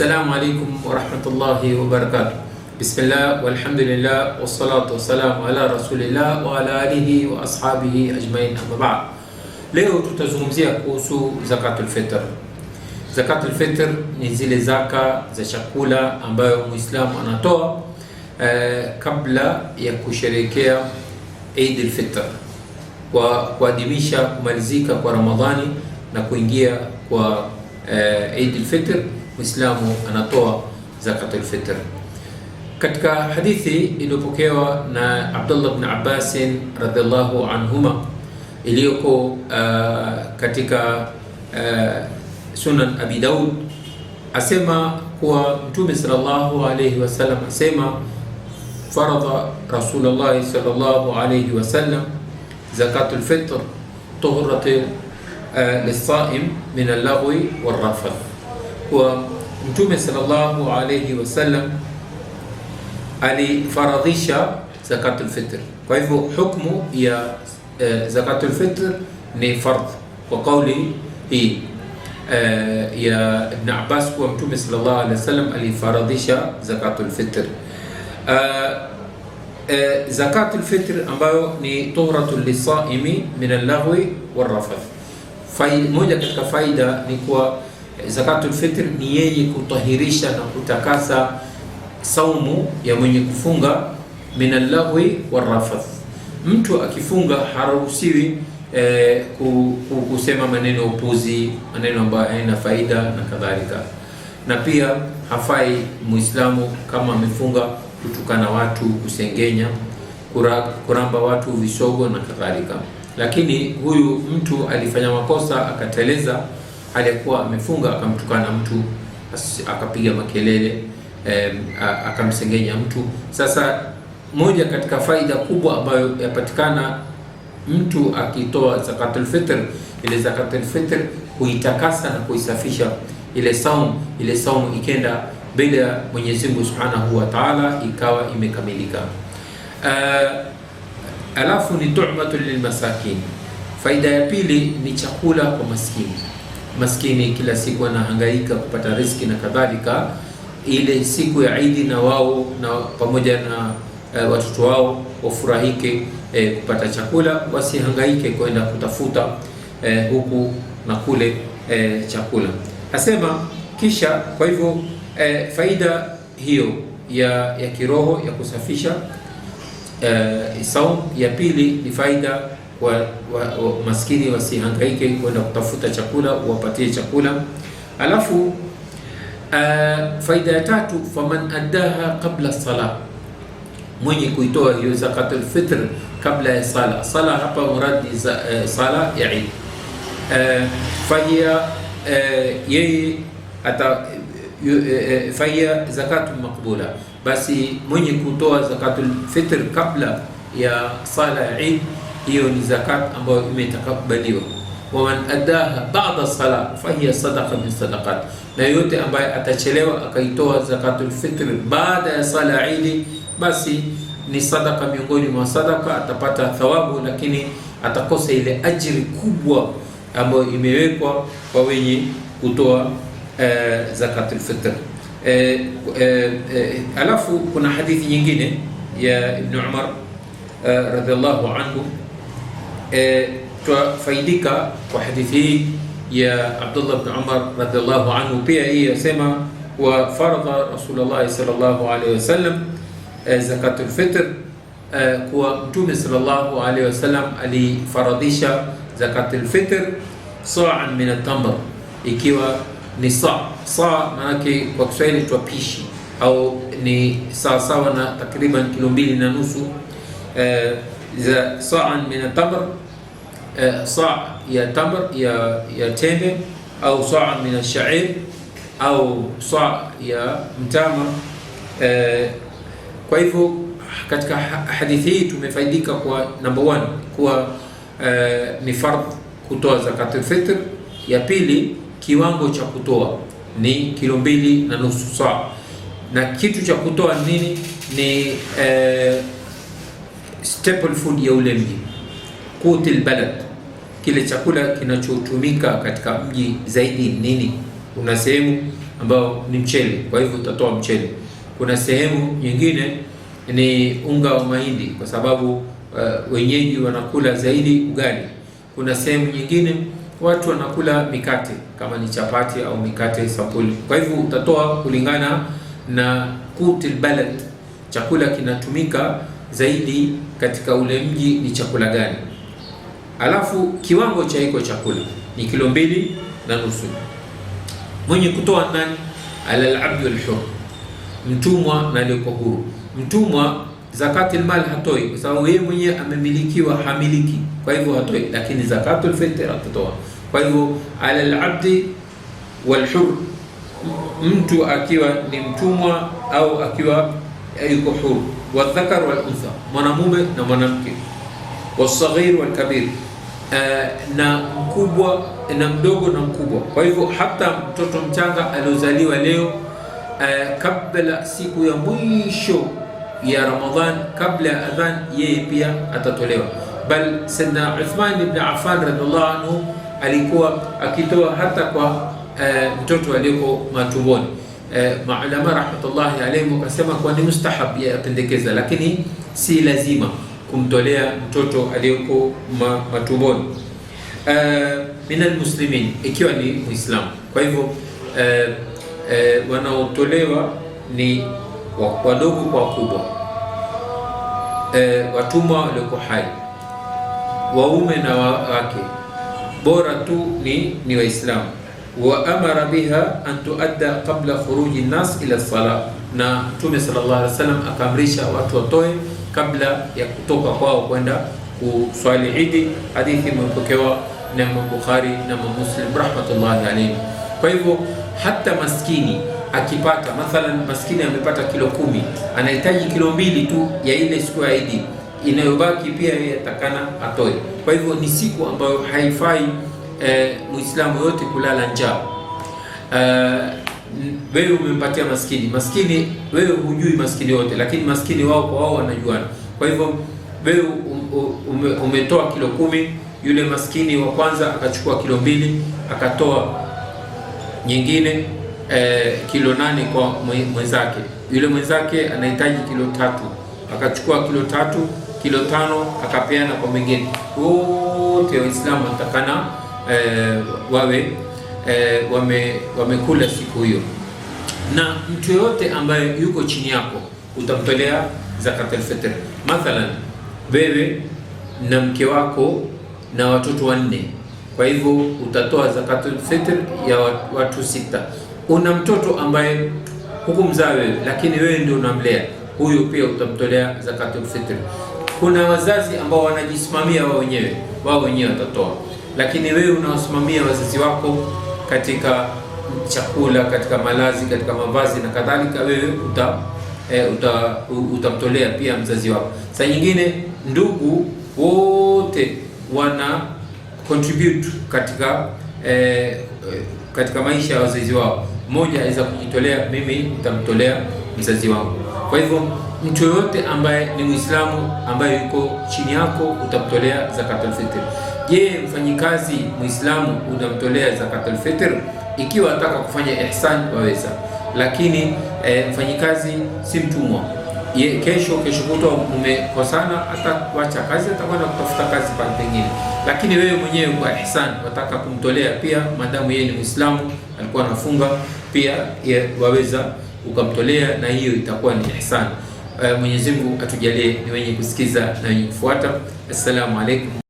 السلام عليكم ورحمة الله وبركاته بسم الله والحمد لله والصلاة والسلام على رسول الله وعلى آله وأصحابه أجمعين أما بعد leo tutazungumzia kuhusu zakatul fitr zakatul fitr ni zile zaka za chakula ambayo muislamu anatoa eh, kabla ya kusherekea Eid al-Fitr kwa kuadhimisha kumalizika kwa Ramadhani na kuingia kwa eh, Eid al-Fitr Muislamu anatoa zakatul fitr. Katika hadithi iliyopokewa na Abdullah bin Abbas radhiallahu anhuma iliyoko uh, katika uh, Sunan Abi Daud asema kuwa Mtume sallallahu alayhi wasallam asema faradha Rasulullah sallallahu alayhi wasallam zakatul fitr tuhurati uh, lisaim min allaghwi warrafath kuwa Mtume sallallahu alayhi wasallam alifaradhisha zakatul fitr. Kwa hivyo hukmu ya eh, zakatul fitr ni fard kwa kauli hii eh, ya Ibn Abbas kuwa Mtume sallallahu alayhi wasallam alifaradhisha zakatul fitr. Eh, eh, zakatul fitr ambayo ni tuhratun lisaimi min al-lahwi wal rafath. Moja katika faida ni kuwa zakatul fitr ni yeye kutahirisha na kutakasa saumu ya mwenye kufunga min lahwi warafath. Mtu akifunga haruhusiwi eh, kusema maneno upuzi, maneno ambayo haina faida na kadhalika, na pia hafai Muislamu kama amefunga kutukana watu, kusengenya, kura, kuramba watu visogo na kadhalika. Lakini huyu mtu alifanya makosa akateleza aliyekuwa amefunga akamtukana mtu akapiga makelele eh, akamsengenya mtu. Sasa moja katika faida kubwa ambayo yapatikana mtu akitoa zakatul fitr, ile zakatul fitr huitakasa na kuisafisha ile saum, ile saum ikenda mbele ya Mwenyezi Mungu Subhanahu wa Ta'ala, ikawa imekamilika. Uh, alafu ni tu'matul lilmasakin, faida ya pili ni chakula kwa maskini maskini kila siku anahangaika kupata riski na kadhalika. Ile siku ya Idi na wao na pamoja na e, watoto wao wafurahike e, kupata chakula, wasihangaike kwenda kutafuta e, huku na kule e, chakula. Asema kisha kwa hivyo e, faida hiyo ya, ya kiroho ya kusafisha e, saum. Ya pili ni faida wa, wa, wa, maskini wasihangaike kwenda kutafuta chakula, uwapatie chakula. Alafu uh, faida ya tatu, faman addaha qabla sala, mwenye kuitoa hiyo zakatul fitr kabla ya sala. Sala hapa muradi uh, sala ya Eid uh, fahiya uh, yeye ata uh, fahiya zakatu maqbula, basi mwenye kutoa zakatul fitr kabla ya sala ya Eid hiyo ni zakat ambayo imetakabaliwa. Waman addaha ba'da salat fahiya sadaqa min sadaqat, na yote ambaye atachelewa akaitoa zakatul fitr baada ya sala idi, basi ni sadaka miongoni mwa sadaka, atapata thawabu, lakini atakosa ile ajiri kubwa ambayo imewekwa kwa wenye kutoa uh, zakatul fitr. Uh, uh, uh, alafu kuna hadithi nyingine ya Ibn Umar uh, radhiallahu anhu E, eh, twafaidika kwa hadithi hii ya Abdullah bin Umar radhiallahu anhu. Pia hii yasema wa faradha Rasulullah sallallahu alaihi wasallam e, eh, zakatul e, kuwa Mtume sallallahu alaihi wasallam alifaradhisha zakatul sa'an min at ikiwa ni saa saa, maanake kwa Kiswahili twapishi au ni sawa na takriban kilo mbili na nusu e, za sa'an min at Eh, sa saa ya tamr ya, ya tende au sa min ashair au sa ya mtama eh. Kwa hivyo katika hadithi hii tumefaidika kwa number one kuwa eh, ni fard kutoa zakatul fitr. Ya pili kiwango cha kutoa ni kilo mbili na nusu sa na kitu cha kutoa nini ni eh, staple food ya ule kuti balad, kile chakula kinachotumika katika mji zaidi nini? Kuna sehemu ambayo ni mchele, kwa hivyo utatoa mchele. Kuna sehemu nyingine ni unga wa mahindi, kwa sababu uh, wenyeji wanakula zaidi ugali. Kuna sehemu nyingine watu wanakula mikate kama ni chapati au mikate sampuli. Kwa hivyo utatoa kulingana na kutil balad, chakula kinatumika zaidi katika ule mji ni chakula gani alafu kiwango cha hiko chakula ni kilo mbili na nusu. Mwenye kutoa nani? Alalabdu lhur, mtumwa na aliyekuwa huru. Mtumwa zakati mal hatoi, kwa sababu yeye mwenyewe amemilikiwa, hamiliki, kwa hivyo hatoi, lakini zakatu fitr atatoa. Kwa hivyo alalabdi walhur, mtu akiwa ni mtumwa au akiwa yuko huru. Wadhakar waluntha, mwanamume na mwanamke, walsaghir walkabir Eh, na mkubwa na mdogo na mkubwa. Kwa hivyo hata mtoto mchanga aliozaliwa leo uh, kabla siku ya mwisho ya Ramadhan, kabla ya adhan, yeye pia atatolewa. Bal Sayyidna Uthman ibn Affan radhiallahu anhu alikuwa akitoa hata kwa uh, mtoto aliyoko matumboni. Uh, maulama rahmatullahi alayhi wakasema kwa ni mustahab, yapendekeza, lakini si lazima kumtolea mtoto aliyoko matumboni uh, eh, minal muslimin ikiwa ni Muislamu. Kwa hivyo uh, uh, wanaotolewa ni wadogo kwa wakubwa, uh, watumwa walioko hai, waume na wake, bora tu ni ni Waislamu wa amara biha an tuadda qabla khuruji nas ila sala, na Mtume sallallahu alaihi wasallam akaamrisha watu watoe kabla ya kutoka kwao kwenda kuswali Idi. Hadithi imepokewa na Imam Bukhari na Imam Muslim rahmatullahi alayhi. Kwa hivyo hata maskini akipata mathalan, maskini amepata kilo kumi, anahitaji kilo mbili tu ya ile siku ya Idi, inayobaki pia yeye atakana atoe. Kwa hivyo ni siku ambayo haifai eh, Muislamu yote kulala njaa eh, wewe umempatia maskini. Maskini wewe hujui maskini wote, lakini maskini wao kwa wao wanajuana. Kwa hivyo wewe um, ume, umetoa kilo kumi, yule maskini wa kwanza akachukua kilo mbili, akatoa nyingine eh, kilo nane kwa mwenzake. Yule mwenzake anahitaji kilo tatu, akachukua kilo tatu, kilo tano akapeana kwa mwingine. Wote Waislamu watakana eh, wawe e, wame, wamekula siku hiyo. Na mtu yoyote ambaye yuko chini yako utamtolea zakatul fitr, mathalan wewe na mke wako na watoto wanne, kwa hivyo utatoa zakatul fitr ya watu sita. Una mtoto ambaye hukumzaa wewe, lakini wewe ndio unamlea huyo, pia utamtolea zakatul fitr. Kuna wazazi ambao wanajisimamia wao wenyewe, wao wenyewe watatoa, lakini wewe unawasimamia wazazi wako katika chakula, katika malazi, katika mavazi na kadhalika, wewe uta e, utamtolea uta pia mzazi wako. Saa nyingine ndugu wote wana contribute katika e, katika maisha ya wazazi wao. Mmoja aweza kujitolea, mimi nitamtolea mzazi wangu, kwa hivyo mtu yoyote ambaye ni Muislamu ambaye yuko chini yako utamtolea zakatul fitr. Je, mfanyikazi Muislamu unamtolea zakatul fitr? Ikiwa ataka kufanya ihsan waweza, lakini e, mfanyikazi si mtumwa. Ye, kesho kesho kutwa umekosana, atawacha kazi, atakwenda kutafuta kazi pale pengine, lakini wewe mwenyewe kwa ihsan wataka kumtolea pia, madamu yeye ni Muislamu alikuwa anafunga pia ye, waweza ukamtolea na hiyo itakuwa ni ihsan. Eh, Mwenyezi Mungu atujalie ni wenye kusikiza na wenye kufuata. Assalamu alaikum.